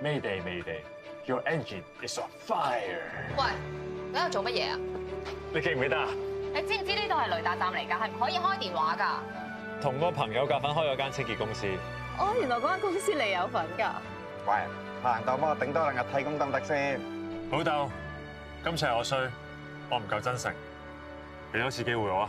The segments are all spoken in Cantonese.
Mayday Mayday, your engine is on fire！喂，你喺度做乜嘢啊？你記唔記得啊？你知唔知呢度係雷達站嚟噶，係唔可以開電話噶。同個朋友夾份開咗間清潔公司。哦，原來嗰間公司你有份噶。喂，行到幫我，我頂多兩日睇工得唔得先？老豆，今次係我衰，我唔夠真誠，俾多次機會我。啊！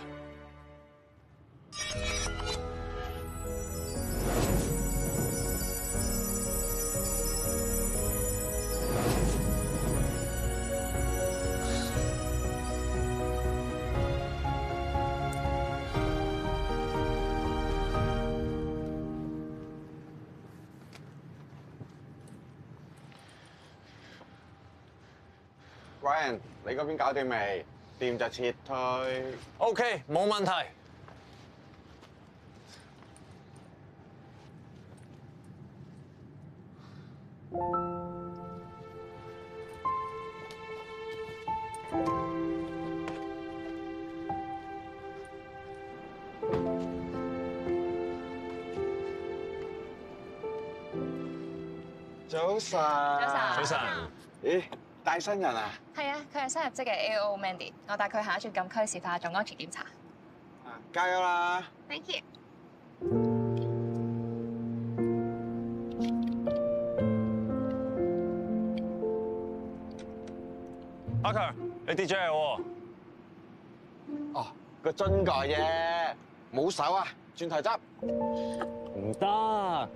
你嗰邊搞掂未？掂就撤退。OK，冇問題。早晨。早晨。早晨。咦？帶新人啊！係啊，佢係新入職嘅 AO Mandy，我帶佢下一轉禁區，試下做安全檢查。加油啦！Thank you。阿強，你 D.J. 喎？哦，個樽蓋嘢冇手啊，轉頭執唔得，呢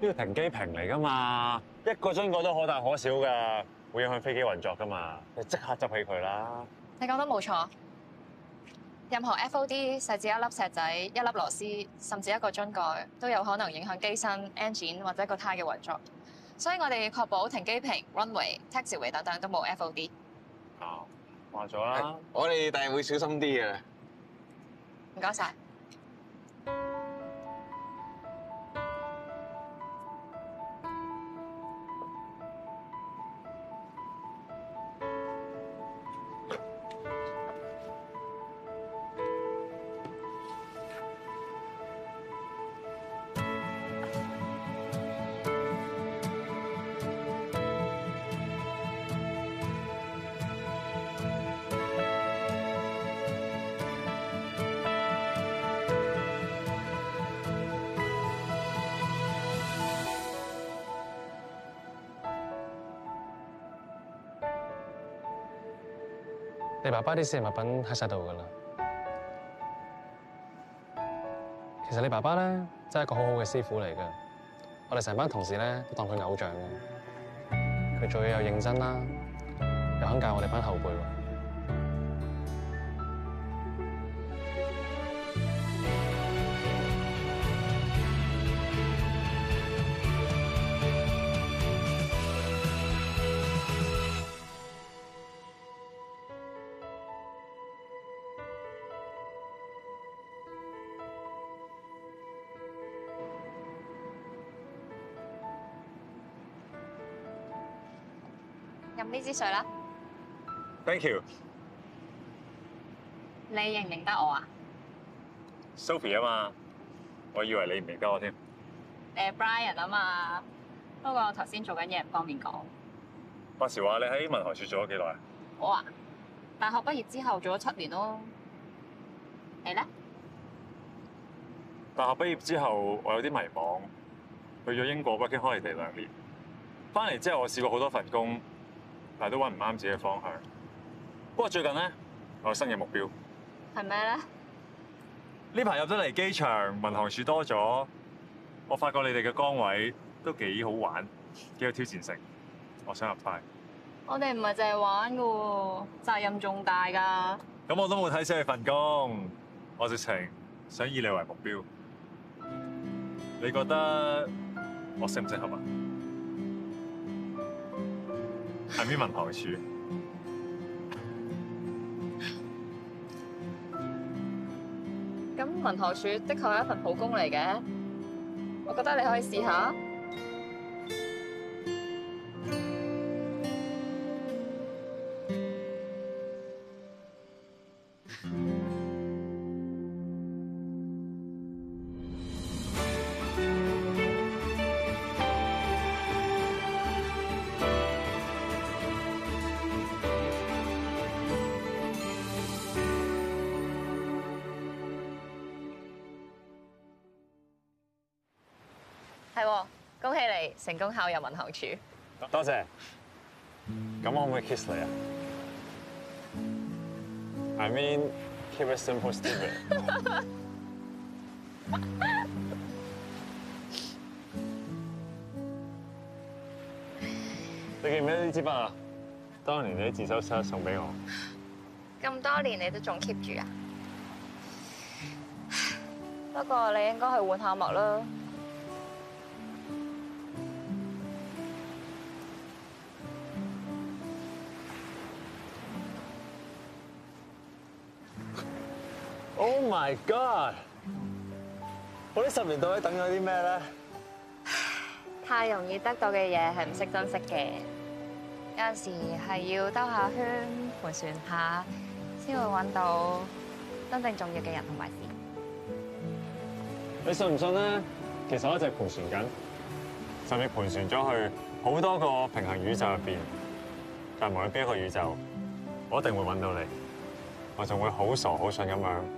個停機坪嚟噶嘛，一個樽蓋都可大可小嘅。會影響飛機運作㗎嘛？你即刻執起佢啦！你講得冇錯，任何 FOD 細至一粒石仔、一粒螺絲，甚至一個樽蓋，都有可能影響機身、engine 或者個胎嘅運作。所以我哋確保停機坪、runway、taxiway 等等都冇 FOD。啊、哦，話咗啦，我哋第日會小心啲嘅。唔該晒。你爸爸啲私人物品喺晒度噶啦。其實你爸爸咧，真係一個很好好嘅師傅嚟。我哋成班同事咧，都當佢偶像嘅。佢做嘢又認真啦，又肯教我哋班後輩。飲呢支水啦。Thank you。你認唔認得我啊？Sophie 啊嘛，我以為你唔認得我添。誒，Brian 啊嘛，不過我頭先做緊嘢，唔方便講。阿時話你喺文行處做咗幾耐？我啊，大學畢業之後做咗七年咯。你咧？大學畢業之後，我有啲迷茫，去咗英國北京 r k i 兩年，翻嚟之後，我試過好多份工。但都揾唔啱自己嘅方向。 不過最近咧，我有新嘅目標。係咩咧？呢排入咗嚟機場民航處多咗，我發覺你哋嘅崗位都幾好玩，幾有挑戰性。我想入翻。 我哋唔係淨係玩嘅喎，責任重大㗎。咁我都冇睇死你份工，我直情想以你為目標。你覺得我適唔適合啊？係邊民航處？咁民航處的確係一份好工嚟嘅，我覺得你可以試一下。成功考入民航署。多，多謝。咁我可唔可以 kiss 你啊？I mean, keep it simple, stupid。你記唔記得呢支筆啊？當年你自修室送俾我。咁多年你都仲 keep 住啊？ 不過你應該去換下墨啦。Oh my god！我，我呢十年到底等咗啲咩咧？太容易得到嘅嘢係唔識珍惜嘅，有陣時係要兜下圈，盤旋下，先會搵到真正重要嘅人同埋事。你信唔信咧？其實我一直盤旋緊，甚至盤旋咗去好多個平行宇宙入邊，但無論邊一個宇宙，我一定會搵到你。我仲會好傻好蠢咁樣。